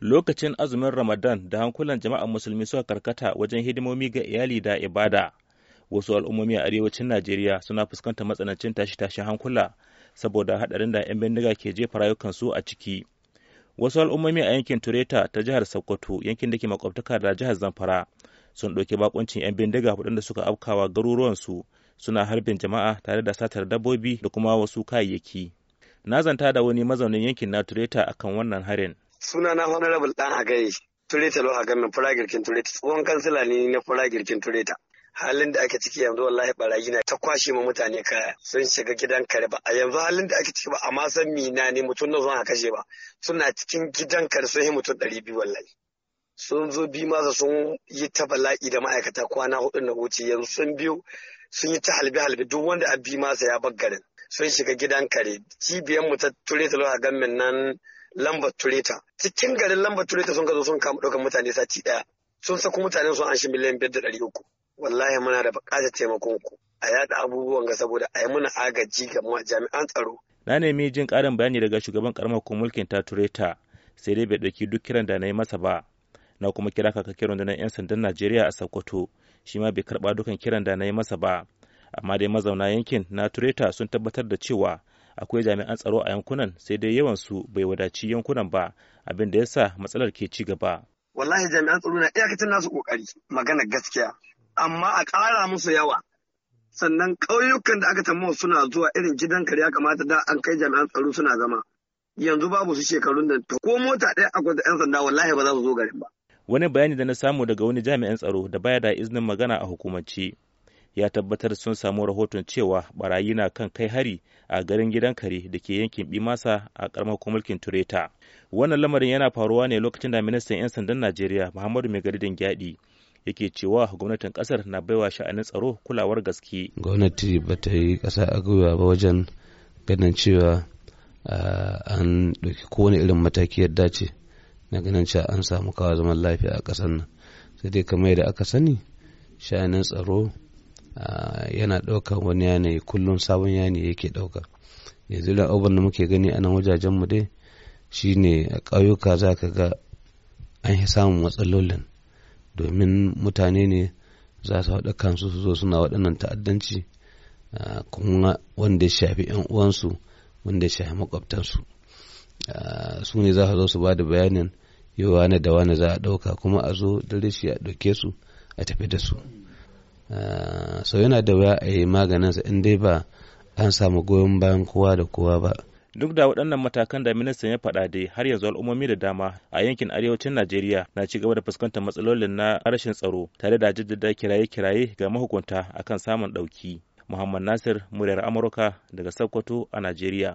lokacin azumin Ramadan da hankulan jama'a musulmi suka karkata wajen hidimomi ga iyali da ibada. Wasu al'ummomi a arewacin Najeriya suna fuskantar matsanancin tashi-tashin hankula saboda haɗarin da 'yan bindiga ke jefa rayukansu a ciki. Wasu al'ummomi a yankin Tureta ta jihar Sokoto yankin da ke makwabtaka da jihar Zamfara sun ɗauki bakuncin 'yan bindiga waɗanda suka afkawa garuruwansu suna harbin jama'a tare da satar dabbobi da kuma wasu kayayyaki. Na zanta da wani mazaunin yankin na Tureta akan wannan harin. Suna na Honorable Dan Hagaye, Tureta Lo Hagamin Fura Girkin Tureta, tsohon kansila ne na Fura Girkin Tureta. halin da ake ciki yanzu wallahi barayi na ta kwashe ma mutane kaya sun shiga gidan kare ba a yanzu halin da ake ciki ba a ma san mina ne mutum na zuwa kashe ba suna cikin gidan kare sun yi mutum ɗari biyu wallahi sun zo bi masa sun yi ta bala'i da ma'aikata kwana hudu na wuce yanzu sun biyu sun yi ta halbe halbe duk wanda a bi masa ya bar garin sun shiga gidan kare cibiyar mu ta ture ta lokacin nan lambar tureta cikin garin lambar tureta sun ka sun kama ɗaukar mutane sati ɗaya sun sako mutane sun anshi shi miliyan biyar da ɗari uku wallahi muna da buƙatar taimakon ku a yaɗa abubuwan ga saboda a yi muna agaji ga jami'an tsaro. na nemi jin ƙarin bayani daga shugaban ƙaramar hukumar mulkin ta tureta sai dai bai ɗauki duk kiran da na yi masa ba na kuma kira kaka kiran da na 'yan sandan najeriya a sokoto shi ma bai karɓa dukan kiran da na yi masa ba amma dai mazauna yankin na tureta sun tabbatar da cewa akwai jami'an tsaro a yankunan sai dai yawan su bai wadaci yankunan ba abin da yasa matsalar ke ci gaba wallahi jami'an tsaro na iyakacin nasu kokari magana gaskiya amma a ƙara musu yawa sannan ƙauyukan da aka tamma suna zuwa irin gidan kare kamata da an kai jami'an tsaro suna zama yanzu babu su shekarun da ta ko mota ɗaya akwai da 'yan sanda wallahi ba za su zo garin ba wani bayani da na samu daga wani jami'an tsaro da baya da iznin magana a hukumance ya tabbatar sun samu rahoton cewa barayi na kan kai hari a garin gidan kare da ke yankin bimasa a karamar mulkin tureta wannan lamarin yana faruwa ne lokacin da ministan 'yan sandan najeriya muhammadu megaridin gyadi yake cewa gwamnatin kasar na baiwa sha'anin tsaro kulawar gaske gwamnati ba ta yi kasa a gwiwa ba wajen ganin cewa an ɗauki kowane irin mataki ya dace na ganin cewa an samu kawo zaman lafiya a ƙasar nan sai dai kamar yadda aka sani sha'anin tsaro Ah, yana ɗaukar wani yanayi kullum sabon yanayi yake ɗauka yanzu da abin da muke gani a nan wajajen mu dai ne a ƙauyuka za ka ga an yi samun matsalolin domin mutane ne za su haɗa kansu su zo suna waɗannan ta'addanci ah, kuma wanda ya shafi 'yan uwansu wanda ya shafi makwabtansu ah, su ne za su zo su ba da bayanin yau wane da wane za a ɗauka kuma a zo dare shi a ɗauke su a tafi da su Eh, so yana da wuya a yi maganinsa in dai ba an samu goyon bayan kowa da kowa ba duk da waɗannan matakan da ministan ya faɗa dai har yanzu al'ummomi da dama a yankin arewacin najeriya na ci gaba da fuskantar matsalolin na rashin tsaro tare da jaddada kiraye-kiraye ga mahukunta akan samun ɗauki muhammad nasir muryar amurka daga sokoto a najeriya